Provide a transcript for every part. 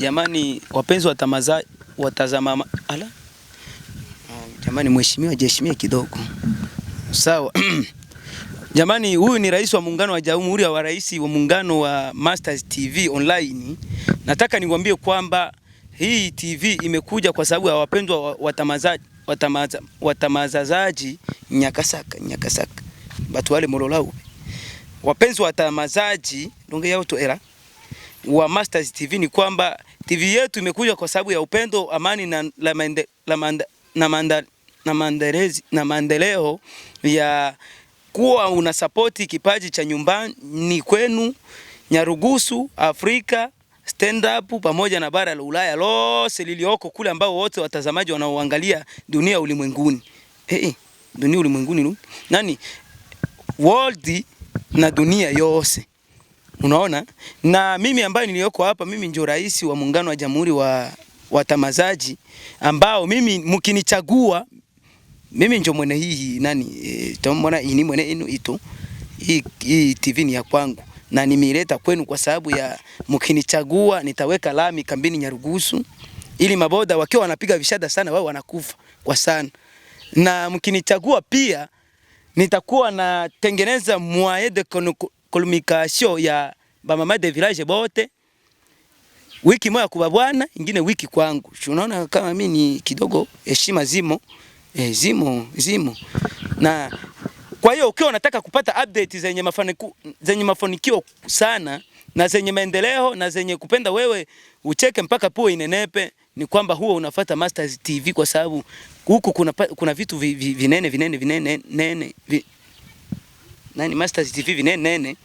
Jamani wapenzi wa tamaza watazama ala. Jamani mheshimiwa, jiheshimie kidogo, sawa Jamani, huyu ni rais wa muungano wa jamhuri wa rais wa muungano wa Masters TV online. Nataka niwaambie kwamba hii TV imekuja kwa sababu ya wapendwa watamazaji watamaza, watamazazaji Nyakasaka Nyakasaka batu wale mololau ube wapenzi watamazaji ndonge yao tu era wa Masters TV ni kwamba TV yetu imekuja kwa sababu ya upendo, amani na, la maende, la manda, na, manda, na, mandelezi, na maendeleo ya kuwa unasapoti kipaji cha nyumbani kwenu Nyarugusu, Afrika stand up pamoja na bara la Ulaya lose lilioko kule, ambao wote watazamaji wanaoangalia dunia ulimwenguni hey, dunia ulimwenguni nani world na dunia yose Unaona, na mimi ambaye niliyoko hapa, mimi ndio rais wa muungano wa jamhuri wa watamazaji, ambao mimi mkinichagua mimi ndio mwene hii nani e, tomona ini mwene inu itu hii, hii TV ni ya kwangu na nimeleta kwenu kwa sababu ya mkinichagua, nitaweka lami kambini Nyarugusu ili maboda wakiwa wanapiga vishada sana wao wanakufa kwa sana, na mkinichagua pia nitakuwa natengeneza moyen de communication ya ba mama de village bote wiki moja kwa bwana ingine wiki kwangu. Unaona kama mimi ni kidogo heshima zimo, e, zimo zimo. Na kwa hiyo ukiwa unataka kupata update zenye mafanikio zenye mafanikio sana na zenye maendeleo na zenye kupenda wewe ucheke mpaka pua inenepe, ni kwamba huo unafata Mastaz TV, kwa sababu huku kuna, kuna vitu vi, vi, vinene vinene vinene nene vi, nani Masters TV nene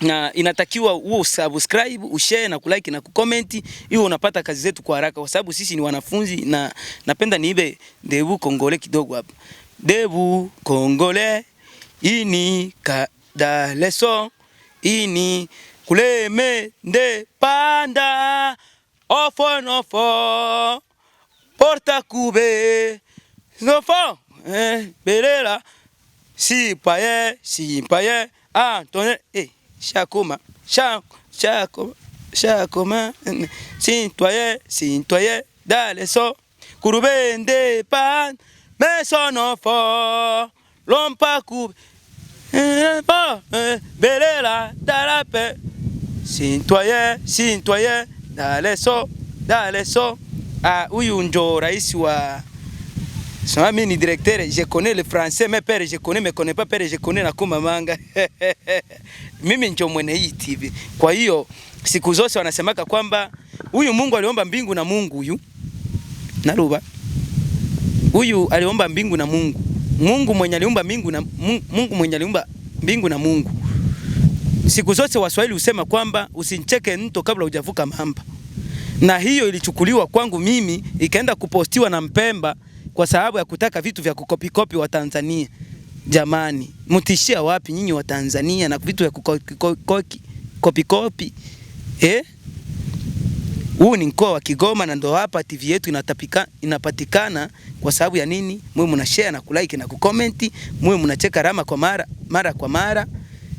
na inatakiwa uo subscribe, ushare na kulike na kucomment, hiyo unapata kazi zetu kwa haraka, kwa sababu sisi ni wanafunzi, na napenda niibe debu kongole kidogo hapa. Debu kongole ini da leso ini kuleme nde panda ofo nofo porta kube nofo eh, belela si paye si paye Antoine ah, eh Chakoma Chak Chakoma Chakoma si toye si toye dale so kurubende pan me son enfant eh, l'homme eh, pas coupe belela dalape si toye si toye dale so dale so ah huyu njo rais wa Sama mimi ni directeur, je connais le français, mais père je connais, mais connais pas père je connais na kuma manga. Mimi ndio mwene hii TV. Kwa hiyo siku zote wanasemaka kwamba huyu Mungu aliomba mbingu na Mungu huyu. Naruba. Huyu aliomba mbingu na Mungu. Mungu mwenye aliumba mbingu na Mungu mwenye aliumba mbingu na Mungu. Siku zote Waswahili husema kwamba usincheke mto kabla hujavuka mamba. Na hiyo ilichukuliwa kwangu mimi ikaenda kupostiwa na Mpemba kwa sababu ya kutaka vitu vya kukopikopi wa Tanzania. Jamani, mtishia wapi nyinyi wa Tanzania na vitu vya kukopikopi eh? Huu ni mkoa wa Kigoma na ndo hapa TV yetu inatapika, inapatikana kwa sababu ya nini? Mwe mna share na kulike na kucomment, mwe mnacheka Rama kwa mara, mara kwa mara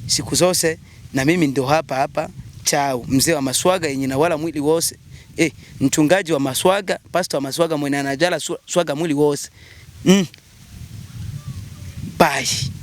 siku zose, na mimi ndo hapa hapa chao mzee wa maswaga yenye na wala mwili wose eh, mchungaji wa Maswaga, pastor wa Maswaga mwenye anajala swaga mwili wose mm. Bye.